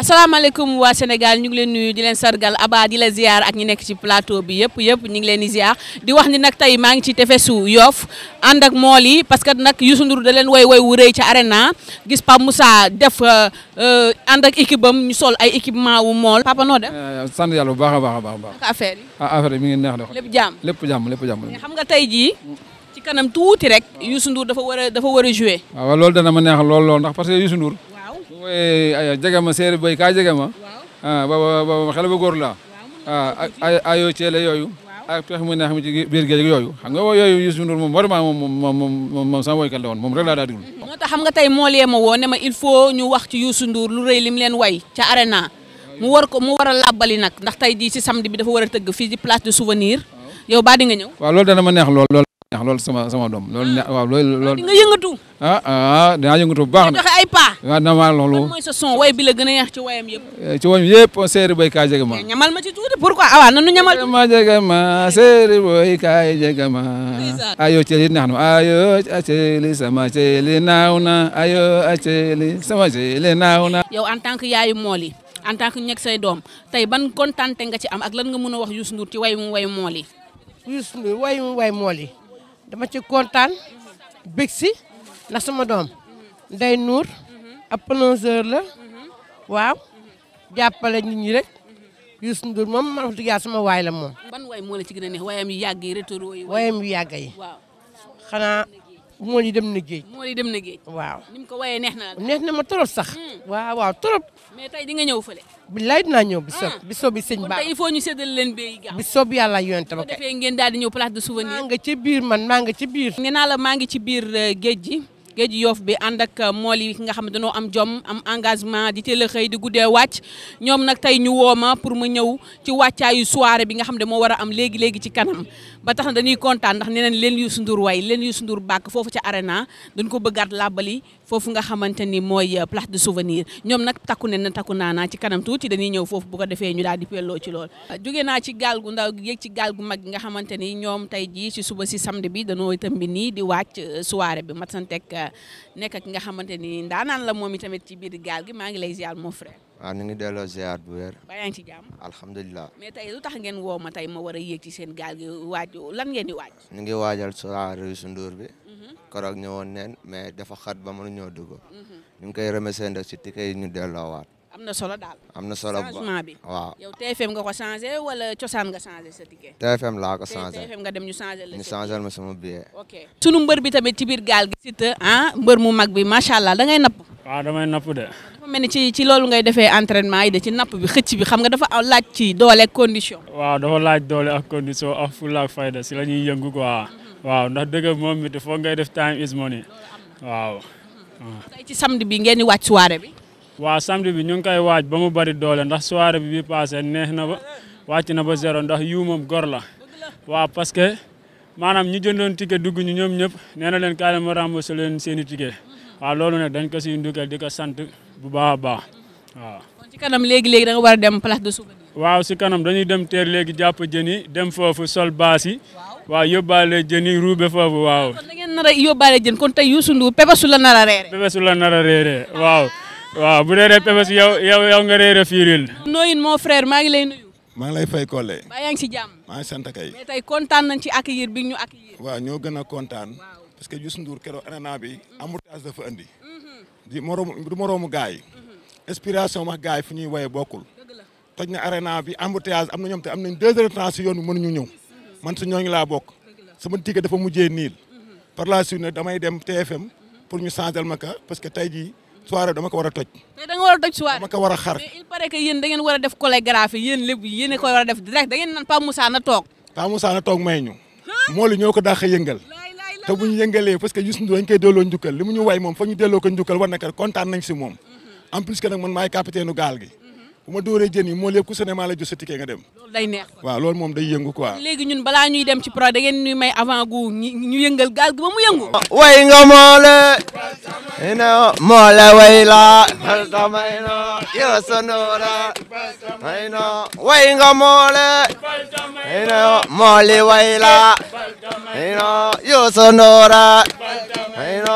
asalaamaaleykum waa Sénégal ñu ngi leen nuyu di leen sargal Aba di la ziar ak ñi nekk ci plateau bi yëpp yëpp ñu ngi leen di ziar di wax ni nag tey maa ngi ci tefesu Yoff ànd ak mool yi parce que nag Youssou Ndour da leen woy woy wu rëy ci arena gis Pape Moussa def euh, euh, ànd ak équipe am ñu sol ay équipement wu mool papa noo def. Euh, sant yàlla baax a baax a baax. affaire yi ah affaire yi mi ngi neex de. lépp jàmm lépp xam nga tey jii. ci kanam tuuti rek. Youssou Ndour dafa war a dafa war a joué. Ah, loolu dana ma neex lool lool ndax parce que Youssou Ndour jege ma séeréer béy kaa jege ma. ah booba booba xale bu góor laa. ah ay ayoo ceele yooyu. ak pex mu neex mi ci biir géej yooyu xam nga yooyu Youssou Ndour moom vraiment moom moom moom moom sama woykat la woon moom rek laa daa déglu. Mm-hmm. moo tax xam nga tey moo lee ma woo ne ma il faut ñu wax ci Youssou Ndour lu rëy lim leen way ca arena mu war ko mu war a làbbali nag ndax tey jii si samedi bi dafa war a tëgg fii ci place de souvenir yow baa di nga ñëw. waaw loolu dana ma neex ndax ah, loolu sama sama doom loolu waaw loolu ah, loolu nga yëngatu ah ah baax joxe ay pas waaw ah, na ma loolu mooy sa son way bi la gën a neex ci wayam yëpp eh, ci wayam yëpp séeri boy ma eh, ñamal ma ci tuuti pourquoi awaa nanu ñamal ma jege ma séeri boy kaay jege ma ayo celi neex na ayo celi sama celi naaw na ayo celi sama celi naaw na tant que yaayu mool yi en tant que say doom tey ban kontaan ci am ak lan nga mën a wax Youssou Ndour ci wayu wayu mool dama ci kontaan bég si ndax sama doom day nuur ab annonceur la waaw jàppale nit ñi rek Youssou Ndour moom man wax dëgg yàlla waay la moom. ban waay moo la ci gën a neex waayam yu yàgg yi rétro yi. waayam yu yàgg yi xanaa. moo li dem na géej. moo li dem na géej. waaw ni mu ko wayee neex na la. neex na ma trop sax. Hmm. waaw waaw trop. mais tey di nga ñëw fële. billaay dinaa ñëw biso hmm. biso bi sëñ Ba. kon tey il faut ñu séddale leen béy gaaw. yàlla yoon tabax. bu ngeen daal di ñëw place de maa nga ci biir man maa ci biir. nee naa la maa ngi ci biir euh, géej gi. géeju yoof bi ànd ak mool yi nga xam ne dañoo am jom am engagement di teel a xëy di guddee wàcc ñoom nag tey ñu woo ma pour ma ñëw ci wàccaayu soirée bi nga xam ne moo war am léegi léegi ci kanam ba tax na dañuy kontaan ndax neneen leen Youssou Ndour way leen Youssou Ndour bàkk foofu ca arena dañ ko bëggaat làbbali foofu nga xamante ni mooy euh, place de souvenir ñoom nag takku ne na takku naanaa ci kanam tuuti dañuy ñëw foofu bu ko defee ñu daal di pelloo ci lool ah, jóge naa ci gaal gu ndaw yéeg ci gaal gu mag gi nga xamante ni ñoom tey jii ci si samedi bi dañoo itam bi di wàcc euh, soirée bi mat santek euh, nekk ak nga xamante ni ndaanaan la moom itamit ci biir gaal gi maa ngi lay ziar mon frère. waaw ah, ñu ngi delloo ziar bu wér. ba yaa ngi ci jàmm. alhamdulilah. mais tey lu ma tey ma war a yéeg seen gaal gi waaj lan ngeen di waaj. ñu ngi waajal soirée su Ndour bi. Mhm. koroog ñëwoon neen mais dafa xat ba mënu ñoo dugg. Mhm. ñu ngi koy remercier ndax ci ticket am na solo daal. am na solo changement bi waaw. yow TFM nga ko changé wala cosaan nga changé sa ticket. TFM laa ko changé TFM nga dem ñu changé la. ñu changé ma sama billet. sunu mbër bi tamit ci biir gaal gi. Siteu ah mbër mu mag bi macha allah da ngay napp. waaw damay napp de. dafa mel ci ci loolu ngay defee entraînement yi de ci napp bi xëcc bi xam nga dafa laaj ci doole ak condition. waaw dafa laaj doole ak condition ak fulla ak fayda si la ñuy yëngu quoi. Mhm. waaw ndax dëgg moom it ngay def time is money ci samedi bi ngeen di wàcc soirée bi. waaw samedi bi ñu ngi koy waaj ba mu bari doole ndax soirée bi bi passé neex na ba wàcc na ba zéro ndax yu moom gor la waaw parce que maanaam ñi jëndoon ticket dugg ñu ñoom ñëpp nee na leen kaale ma remboursé leen seen i ticket loolu nag dañ ko siy ndugal di ko sant bu baax a baax waaw. kon kanam léegi léegi da nga war dem place de souvenir. waaw si kanam dañuy dem teer léegi jàpp jën yi dem foofu sol baas yi. waaw yóbbaale jën yi ruube foofu waaw. kon da ngeen a yóbbaale jën kon tey Youssou Ndour la nar waaw. waaw bu dee rek pepes yow yow yow nga réer fiiril nooyin moo frère maa ngi lay nuyu. maa ngi lay fay koole ba ngi si jàmm. maa ngi sant kay. tey kontaan nañ ci accueillir bi ñu accueillir. waaw ñoo gën a kontaan parce que Youssou Ndour keroog arena bi amoutage mm-hmm. dafa andi. Mm-hmm. di moromu du moroomu gars yi. Mm-hmm. inspiration wax gars yi fu ñuy woyee bokkul. toj na arena bi embouteillage am na ñoom te am nañ deux heures de si yoon bi mënuñu ñëw man su ñooñu laa bokk sama ticket dafa mujjee niil par la suite nag damay dem TFM pour ñu changer ma ka parce que tey jii soirée dama ko war a toj. dama ko war a xar. mais il war a def chorégraphie yéen lépp yéen a ko war a def direct da ngeen naan Pape toog. may ñu. moo ñoo ko dàq yëngal. te bu ñu yëngalee parce que Youssou Ndour dañ ñu way moom mm-hmm. man maay capitaine gaal gi. Mm-hmm. bu ma dóoree jën yi moo lépp ku sene maa la sa ticket nga dem. loolu day neex waaw loolu moom day yëngu quoi. ñun balaa ñuy dem ci pro da ngeen may avant gu ñu yëngal gaal gi ba mu yëngu. way nga moole. ino mola wayla baltama ino yosanora ino wayinga mole ino moli wayla ino yosanora ino